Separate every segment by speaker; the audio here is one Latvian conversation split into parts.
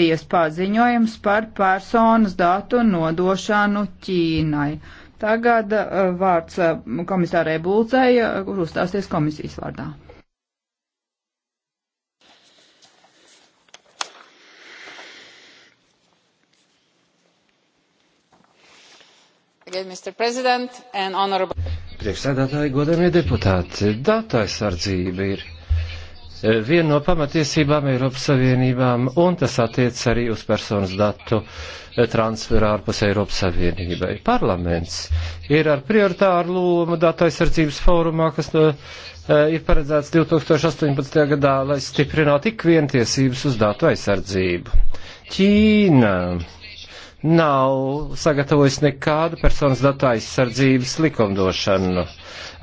Speaker 1: komisijas paziņojums par personas datu nodošanu Ķīnai. Tagad uh, vārds uh, komisārai Bulcei, uh, kur uzstāsies komisijas vārdā.
Speaker 2: Priekšsēdētāji, godamie deputāti, datu aizsardzība ir Eh, viena no pamatiesībām Eiropas Savienībām, un tas attiec arī uz personas datu eh, transferu ārpus Eiropas Savienībai. Parlaments ir ar prioritāru lomu datu aizsardzības fórumā, kas no, eh, ir paredzēts 2018. gadā, lai stiprinātu ikvientiesības uz datu aizsardzību. Ķīna nav sagatavojis nekādu personas datu aizsardzības likumdošanu.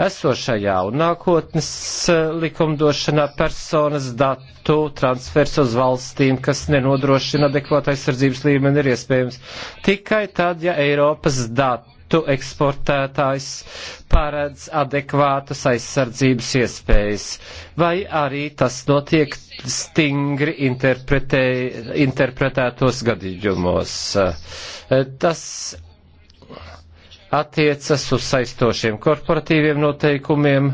Speaker 2: Esošajā un nākotnes eh, likumdošanā personas datu transfers uz valstīm, kas nenodrošina adekvātu aizsardzības līmeni, ir iespējams tikai tad, ja Eiropas datu citu eksportētājs paredz adekvātas aizsardzības iespējas, vai arī tas notiek stingri interpretētos gadījumos. Tas attiecas uz saistošiem korporatīviem noteikumiem,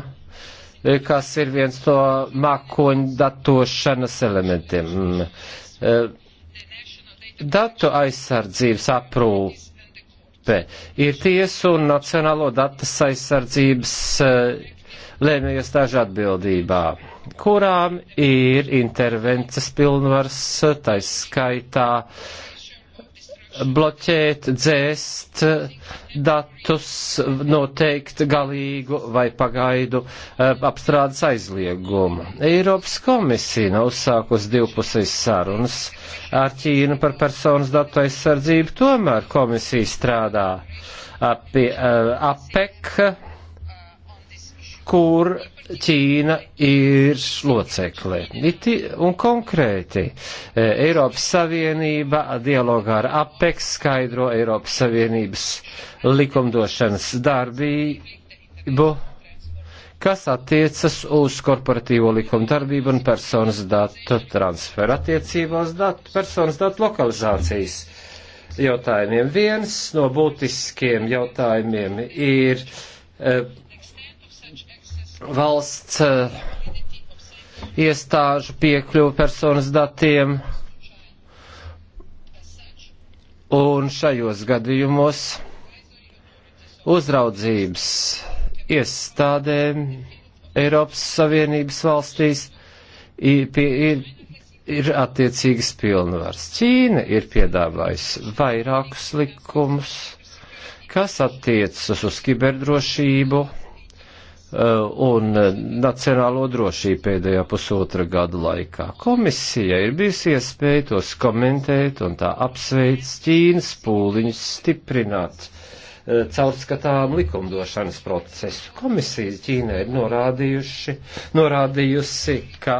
Speaker 2: kas ir viens no mākoņu datošanas elementiem. Datu aizsardzības aprūpe grupe ir tiesu un Nacionālo datas aizsardzības eh, lēmējiestāžu atbildībā, kurām ir intervences pilnvars, eh, taiskaitā bloķēt, dzēst datus, noteikt galīgu vai pagaidu eh, apstrādes aizliegumu. Eiropas komisija nav uzsākus divpusējas sarunas ar Ķīnu par personas datu aizsardzību, tomēr komisija strādā eh, pie eh, APEC, kur Ķīna ir locekle. Un konkrēti, e, Eiropas Savienība dialogā ar APEX skaidro Eiropas Savienības likumdošanas darbību, kas attiecas uz korporatīvo likumu darbību un personas datu transferu attiecībās datu, personas datu lokalizācijas jautājumiem. Viens no būtiskiem jautājumiem ir e, valsts eh, iestāžu piekļuvu personas datiem. Un šajos gadījumos uzraudzības iestādēm Eiropas Savienības valstīs ir, ir, ir attiecīgas pilnvaras. Ķīna ir piedāvājusi vairākus likumus, kas attiecas uz kiberdrošību Eh, un eh, nacionālo drošību pēdējā pusotra gada laikā. Komisija ir bijusi iespēja tos komentēt un tā apsveic Ķīnas pūliņus stiprināt eh, caurskatām likumdošanas procesu. Komisija Ķīnai ir norādījusi, ka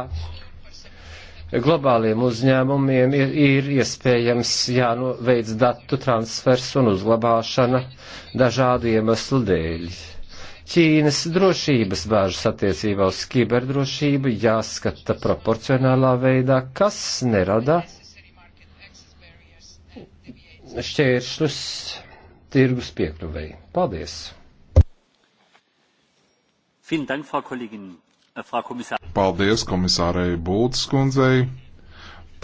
Speaker 2: globāliem uzņēmumiem ir, ir iespējams jānoveic datu transfers un uzglabāšana dažādu iemeslu dēļ. Ķīnas drošības bāžas attiecībā uz kiberdrošību jāskata proporcionālā veidā, kas nerada šķēršļus tirgus piekļuvēji. Paldies! Äh,
Speaker 3: Paldies komisārei Būtiskundzei.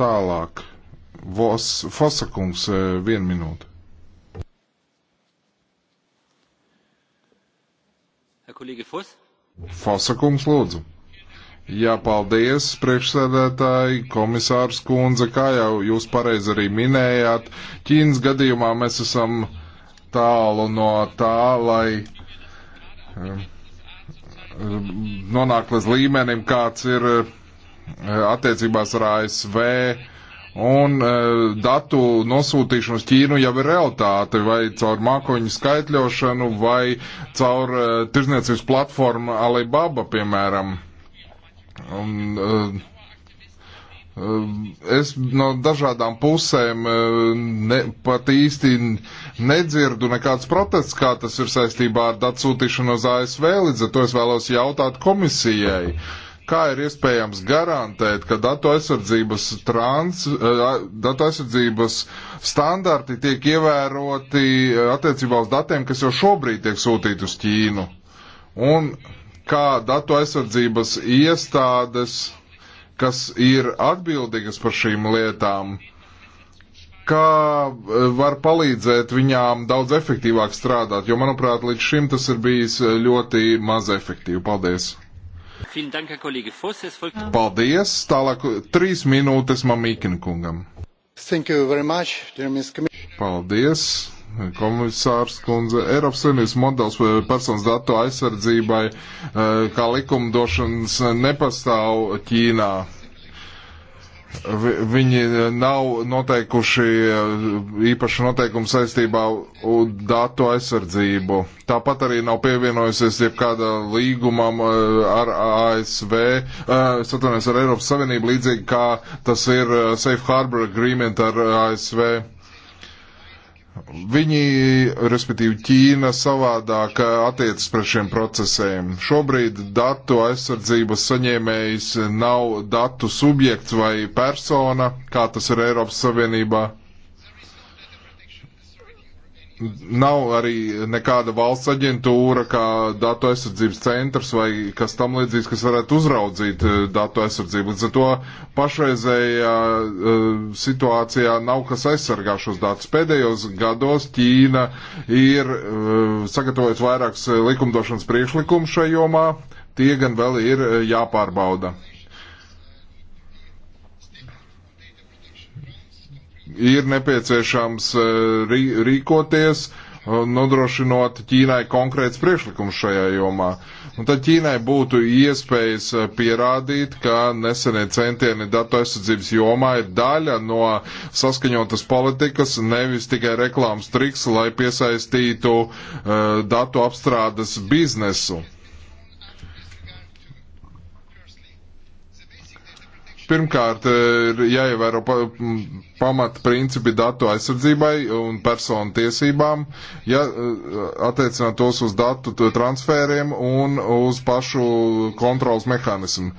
Speaker 3: Tālāk. Vos, Fosakungs, äh, vienu minūtu.
Speaker 2: Fosa
Speaker 3: kungs, lūdzu. Jā, paldies, priekšsēdētāji, komisārs kundze, kā jau jūs pareizi arī minējāt. Ķīnas gadījumā mēs esam tālu no tā, lai um, nonāk līdz līmenim, kāds ir uh, attiecībās ar ASV Un uh, datu nosūtīšana uz Ķīnu jau ir realitāte, vai caur mākoņu skaitļošanu, vai caur uh, tirzniecības platformu Alibaba, piemēram. Un, uh, Es no dažādām pusēm ne, pat īsti nedzirdu nekādas protests, kā tas ir saistībā ar datu sūtīšanu uz ASV, līdz ar to es vēlos jautāt komisijai. Uh, Kā ir iespējams garantēt, ka datu aizsardzības, trans, eh, datu aizsardzības standarti tiek ievēroti eh, attiecībā uz datiem, kas jau šobrīd tiek sūtīti uz Ķīnu? Un kā datu aizsardzības iestādes, kas ir atbildīgas par šīm lietām, kā eh, var palīdzēt viņām daudz efektīvāk strādāt, jo, manuprāt, līdz šim tas ir bijis ļoti maz efektīvi. Paldies! Paldies! Tālāk trīs minūtes mamīkin kungam. Much, Paldies! komisārs kundze, Eiropas Savienības modelis eh, personas datu aizsardzībai eh, kā likumdošanas eh, nepastāv Ķīnā. Viņi eh, nav noteikuši eh, īpašu noteikumu saistībā ar datu aizsardzību. Tāpat arī nav pievienojusies jebkāda līgumam eh, ar ASV, es atvainojos, ar Eiropas Savienību, līdzīgi kā tas ir Safe Harbor Agreement ar ASV. Viņi, respektīvi Ķīna, savādāk eh, attiecas pret šiem procesiem. Šobrīd datu aizsardzības saņēmējs nav datu subjekts vai persona, kā tas ir Eiropas Savienībā nav arī nekāda valsts aģentūra, kā datu aizsardzības centrs vai kas tam līdzīgs, kas varētu uzraudzīt eh, datu aizsardzību. Līdz ar to pašreizējā eh, situācijā nav kas aizsargā šos datus. Pēdējos gados Ķīna ir eh, sagatavojusi vairākus likumdošanas priekšlikumus šajomā, tie gan vēl ir jāpārbauda. ir nepieciešams e, rīkoties, e, nodrošinot Ķīnai konkrēts priekšlikums šajā jomā. Un tad Ķīnai būtu iespējas e, pierādīt, ka nesenie centieni datu aizsardzības jomā ir daļa no saskaņotas politikas, nevis tikai reklāmas triks, lai piesaistītu uh, datu apstrādes biznesu. Pirmkārt, ir jāievēro pamata principi datu aizsardzībai un personu tiesībām, ja eh, attiecināt tos uz datu transfēriem un uz pašu kontrols mehānismu.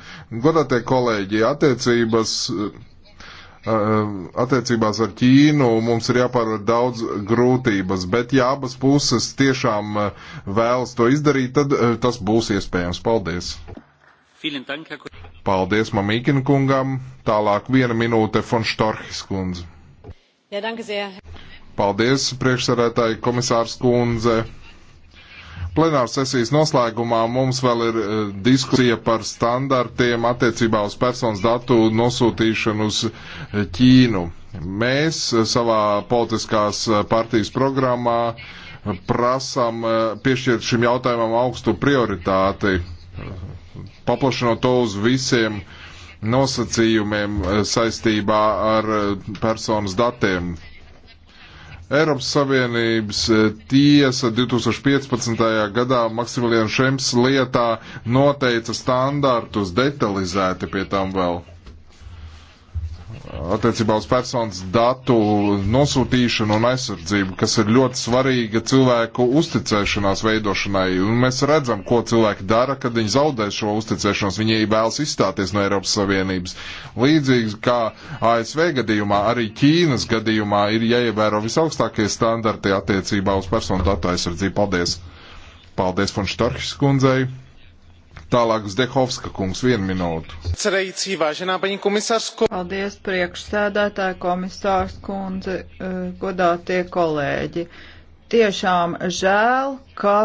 Speaker 3: Godātie kolēģi, attiecības eh, eh, attiecībās ar Ķīnu mums ir jāpārvar daudz grūtības, bet ja abas puses tiešām vēlas to izdarīt, tad tas būs iespējams. Paldies! Paldies Mamīkina kungam. Tālāk viena minūte Fon Štorhis kundze.
Speaker 2: Jā, danke sehr.
Speaker 3: Paldies, priekšsarētāji komisārs kundze. Plenāras sesijas noslēgumā mums vēl ir uh, diskusija par standartiem attiecībā uz personas datu nosūtīšanu uz eh, Ķīnu. Mēs uh, savā politiskās uh, partijas programmā prasam piešķirt šim jautājumam augstu prioritāti paplašinot to uz visiem nosacījumiem eh, saistībā ar eh, personas datiem. Eiropas Savienības eh, tiesa 2015. gadā Maksimilienu Šems lietā noteica standartus detalizēti pie tam vēl attiecībā uz personas datu nosūtīšanu un aizsardzību, kas ir ļoti svarīga cilvēku uzticēšanās veidošanai. Un mēs redzam, ko cilvēki dara, kad viņi zaudē šo uzticēšanos. Viņi vēlas izstāties no Eiropas Savienības. Līdzīgi kā ASV gadījumā, arī Ķīnas gadījumā ir jāievēro visaugstākie standarti attiecībā uz personu datu aizsardzību. Paldies! Paldies, Fonštorhis kundzei! Tālāk Zdehovska kungs, vienu minūtu. Cerējīcī, vāženā paņi komisārs kundze. Paldies,
Speaker 1: priekšsēdētāja komisārs kundze, eh, godātie kolēģi. Tiešām žēl, ka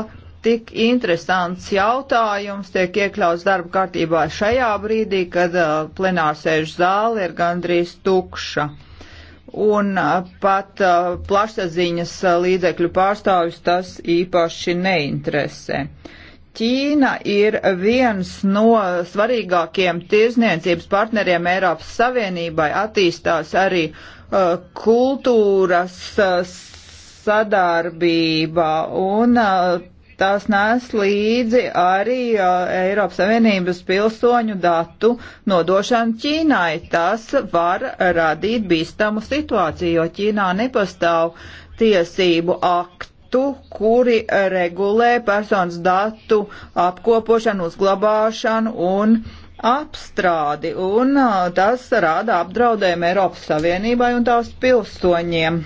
Speaker 1: tik interesants jautājums tiek iekļauts darba kārtībā šajā brīdī, kad eh, plenārsēžu zāle ir gandrīz tukša. Un eh, pat plašsaziņas līdzekļu pārstāvis tas īpaši neinteresē. Uh, Ķīna ir viens no svarīgākiem tirzniecības partneriem Eiropas Savienībai, attīstās arī uh, kultūras uh, sadarbība un uh, tās nes līdzi arī uh, Eiropas Savienības pilsoņu datu nodošanu Ķīnai. Tas var radīt bīstamu situāciju, jo Ķīnā nepastāv tiesību akti aktu, kuri regulē personas datu apkopošanu, uzglabāšanu un apstrādi, un tas rada apdraudējumu Eiropas Savienībai un tās pilsoņiem.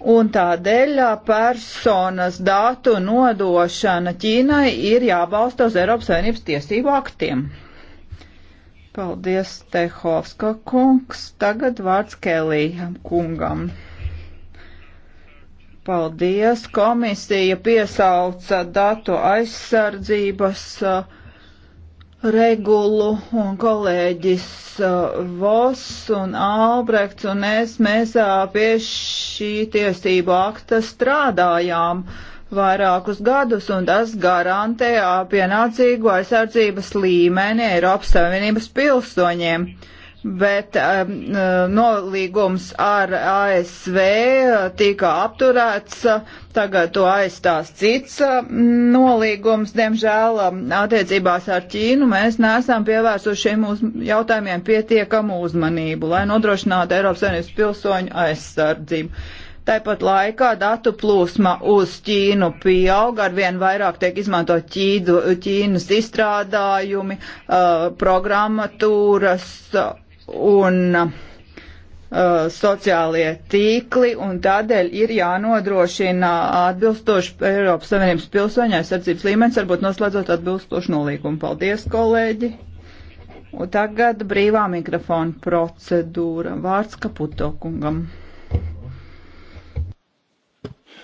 Speaker 1: Un tādēļ personas datu nodošana Ķīnai ir jābalsta uz Eiropas Savienības tiesību aktiem. Paldies, Tehovska kungs. Tagad vārds Kelijam kungam. Paldies! Komisija piesauca datu aizsardzības uh, regulu un kolēģis uh, Voss un Albrekts un es mēs uh, pie šī tiesību akta strādājām vairākus gadus un tas garantē pienācīgu aizsardzības līmeni Eiropas Savienības pilsoņiem bet um, uh, nolīgums ar ASV uh, tika apturēts, tagad to aizstās cits uh, nolīgums, diemžēl um, attiecībās ar Ķīnu mēs neesam pievērsuši šiem uz, jautājumiem pietiekamu uzmanību, lai nodrošinātu Eiropas Savienības pilsoņu aizsardzību. Tāpat laikā datu plūsma uz Ķīnu pieaug, arvien vairāk tiek izmantot Ķīdu, Ķīnas izstrādājumi, uh, programmatūras, uh, un uh, sociālie tīkli, un tādēļ ir jānodrošina atbilstoši Eiropas Savienības pilsoņu aizsardzības līmenis, varbūt noslēdzot atbilstošu nolīgumu. Paldies, kolēģi! Un tagad brīvā mikrofona procedūra. Vārds Kaputo kungam.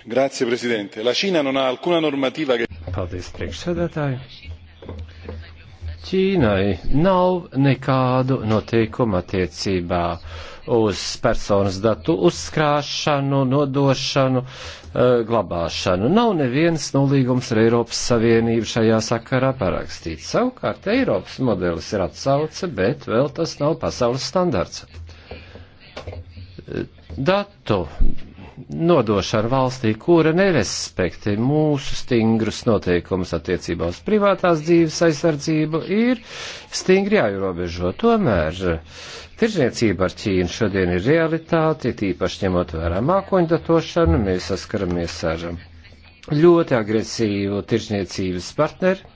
Speaker 3: Grazie, prezidente. La Cina
Speaker 1: non ha alcuna normativa. Paldies, priekšsēdētāji.
Speaker 2: Ķīnai nav nekādu noteikumu attiecībā uz personas datu uzkrāšanu, nodošanu, eh, glabāšanu. Nav neviens nolīgums ar Eiropas Savienību šajā sakarā parakstīts. Savukārt Eiropas modelis ir atsauce, bet vēl tas nav pasaules standarts. Eh, datu nodošanu valstī, kura nerespektē mūsu stingrus noteikumus attiecībā uz privātās dzīves aizsardzību, ir stingri jāierobežo. Tomēr eh, tirzniecība ar Ķīnu šodien ir realitāte, tīpaši ņemot vērā mākoņdatošanu, mēs saskaramies ar ļoti agresīvu tirzniecības partneri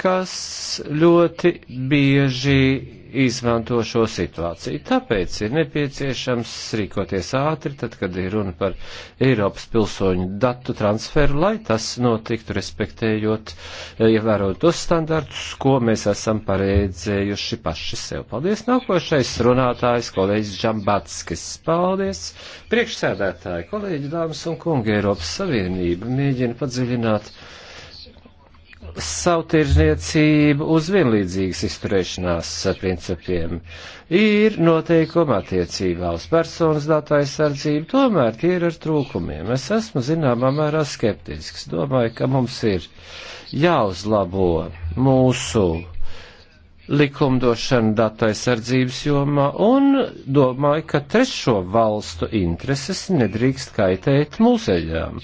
Speaker 2: kas ļoti bieži izmanto šo situāciju. Tāpēc ir nepieciešams rīkoties ātri, tad, kad ir runa par Eiropas pilsoņu datu transferu, lai tas notiktu respektējot, eh, ievērot tos standartus, ko mēs esam pareidzējuši paši sev. Paldies, nākošais runātājs, kolēģis Džambatskis. Paldies, priekšsēdētāji, kolēģi, dāmas un kungi, Eiropas Savienība mēģina padziļināt savtiržniecību uz vienlīdzīgas izturēšanās principiem. Ir noteikuma attiecībā uz personas datu aizsardzību, tomēr tie ir ar trūkumiem. Es esmu zināmā mērā skeptisks. Domāju, ka mums ir jāuzlabo mūsu likumdošanu datu aizsardzības jomā un domāju, ka trešo valstu intereses nedrīkst kaitēt mūsejām.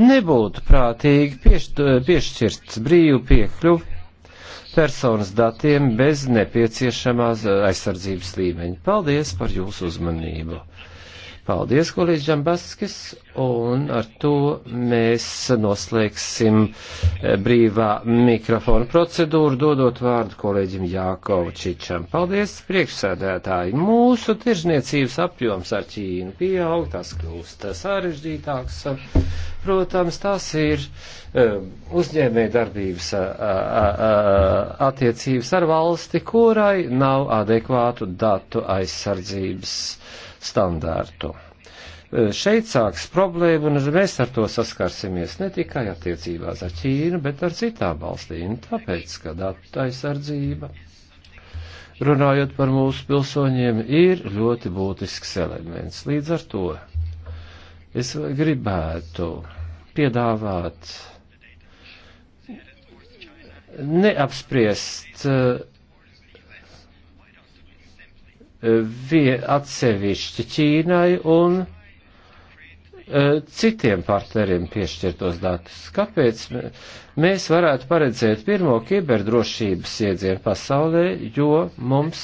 Speaker 2: Nebūtu prātīgi piešķ piešķirt brīvu piekļuvi personas datiem bez nepieciešamās aizsardzības līmeņa. Paldies par jūsu uzmanību! Paldies, kolēģi Džambaskis, Un ar to mēs noslēgsim eh, brīvā mikrofona procedūru, dodot vārdu kolēģim Jākovčičam. Paldies, priekšsēdētāji! Mūsu tirzniecības apjoms ar Ķīnu pieaug, tas kļūst sarežģītāks. Protams, tas ir eh, uzņēmē darbības eh, attiecības ar valsti, kurai nav adekvātu datu aizsardzības standārtu Eh, šeit sāks problēma, un mēs ar to saskarsimies ne tikai attiecībās ar Ķīnu, bet ar citām valstīm, tāpēc, ka datu aizsardzība, runājot par mūsu pilsoņiem, ir ļoti būtisks elements. Līdz ar to es gribētu piedāvāt neapspriest uh, atsevišķi Ķīnai un Eh, citiem partneriem piešķirtos datus. Kāpēc mēs varētu paredzēt pirmo kiberdrošības iedzienu pasaulē, jo mums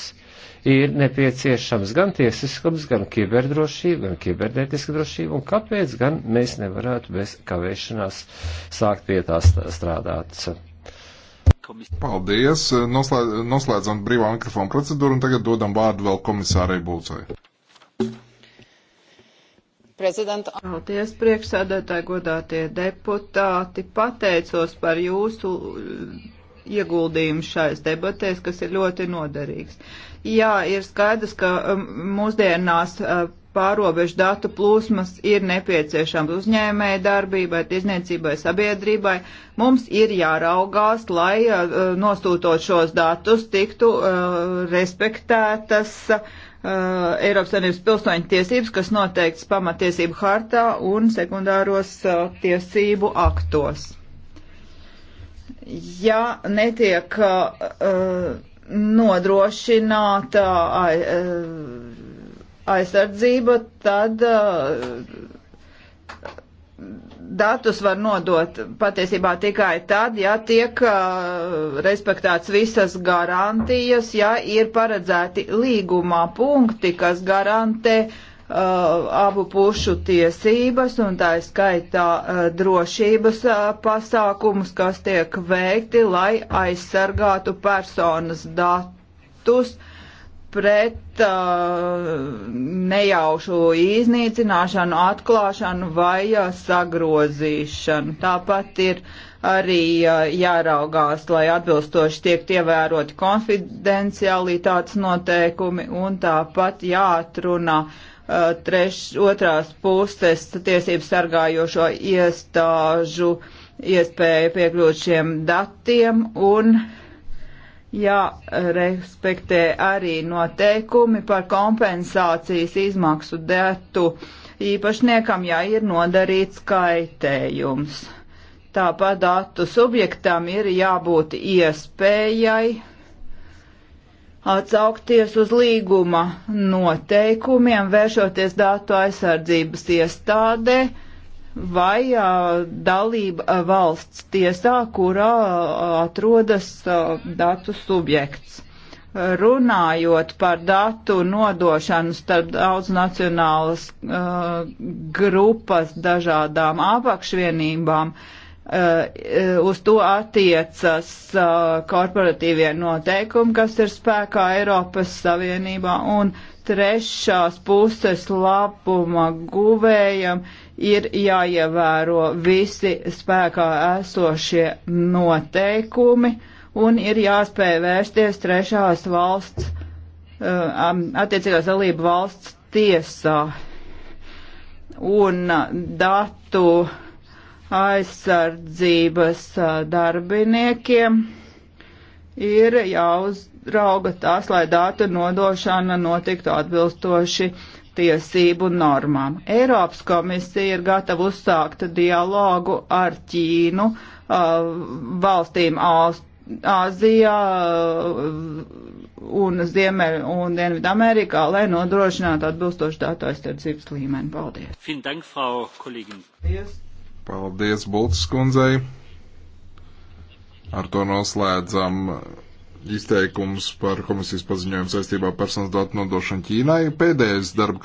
Speaker 2: ir nepieciešams gan tiesiskums, gan kiberdrošība, gan kibernetiska drošība, un kāpēc gan mēs nevarētu bez kavēšanās
Speaker 3: sākt pie tā strādāt? Paldies! Noslēdzam brīvā mikrofona procedūru un tagad dodam vārdu vēl komisārai Bulcai.
Speaker 1: Paldies, priekšsēdētāji, godātie deputāti. Pateicos par jūsu uh, ieguldījumu šais debatēs, kas ir ļoti noderīgs. Jā, ir skaidrs, ka um, mūsdienās uh, pārobežu datu plūsmas ir nepieciešams uzņēmēja darbībai, tirzniecībai, sabiedrībai. Mums ir jāraugās, lai uh, nosūtot šos datus tiktu respektētas. Uh, Uh, Eiropas Savienības pilsoņu tiesības, kas noteikts pamatiesību hartā un sekundāros uh, tiesību aktos. Ja netiek uh, uh nodrošināta uh, aizsardzība, tad uh, datus var nodot patiesībā tikai tad, ja tiek uh, respektēts visas garantijas, ja ir paredzēti līgumā punkti, kas garantē uh, abu pušu tiesības un tā skaitā uh, drošības uh, pasākumus, kas tiek veikti, lai aizsargātu personas datus pret uh, nejaušu iznīcināšanu, atklāšanu vai uh, sagrozīšanu. Tāpat ir arī uh, jāraugās, lai atbilstoši tiek ievēroti konfidencialitātes noteikumi un tāpat jāatrunā uh, treš, otrās puses tiesību sargājošo iestāžu iespēju piekļūt šiem datiem un uh, jārespektē arī noteikumi par kompensācijas izmaksu detu īpašniekam, ja ir nodarīts kaitējums. Tāpat datu subjektam ir jābūt iespējai atsaukties uz līguma noteikumiem, vēršoties datu aizsardzības iestādē, vai dalība valsts tiesā, kurā atrodas datu subjekts. Runājot par datu nodošanu starp daudznacionālas uh, grupas dažādām apakšvienībām, uh, uz to attiecas uh, korporatīvie noteikumi, kas ir spēkā Eiropas Savienībā, un trešās puses labuma guvējam ir jāievēro visi spēkā esošie noteikumi un ir jāspēj vērsties trešās valsts, uh, attiecīgās dalību valsts tiesā. Un uh, datu aizsardzības uh, darbiniekiem ir jāuzrauga tās, lai datu nodošana notiktu atbilstoši tiesību normām. Eiropas komisija ir gatava uzsākt dialogu ar Ķīnu, uh, valstīm Āzijā uh, un Ziemeļu un Dienvidu Amerikā, lai nodrošinātu atbilstošu datu aizsardzības līmeni. Paldies!
Speaker 3: Paldies, Bultas kundzei! Ar to noslēdzam izteikums par komisijas paziņojumu saistībā ar personas datu nodošanu Ķīnai. Pēdējais darba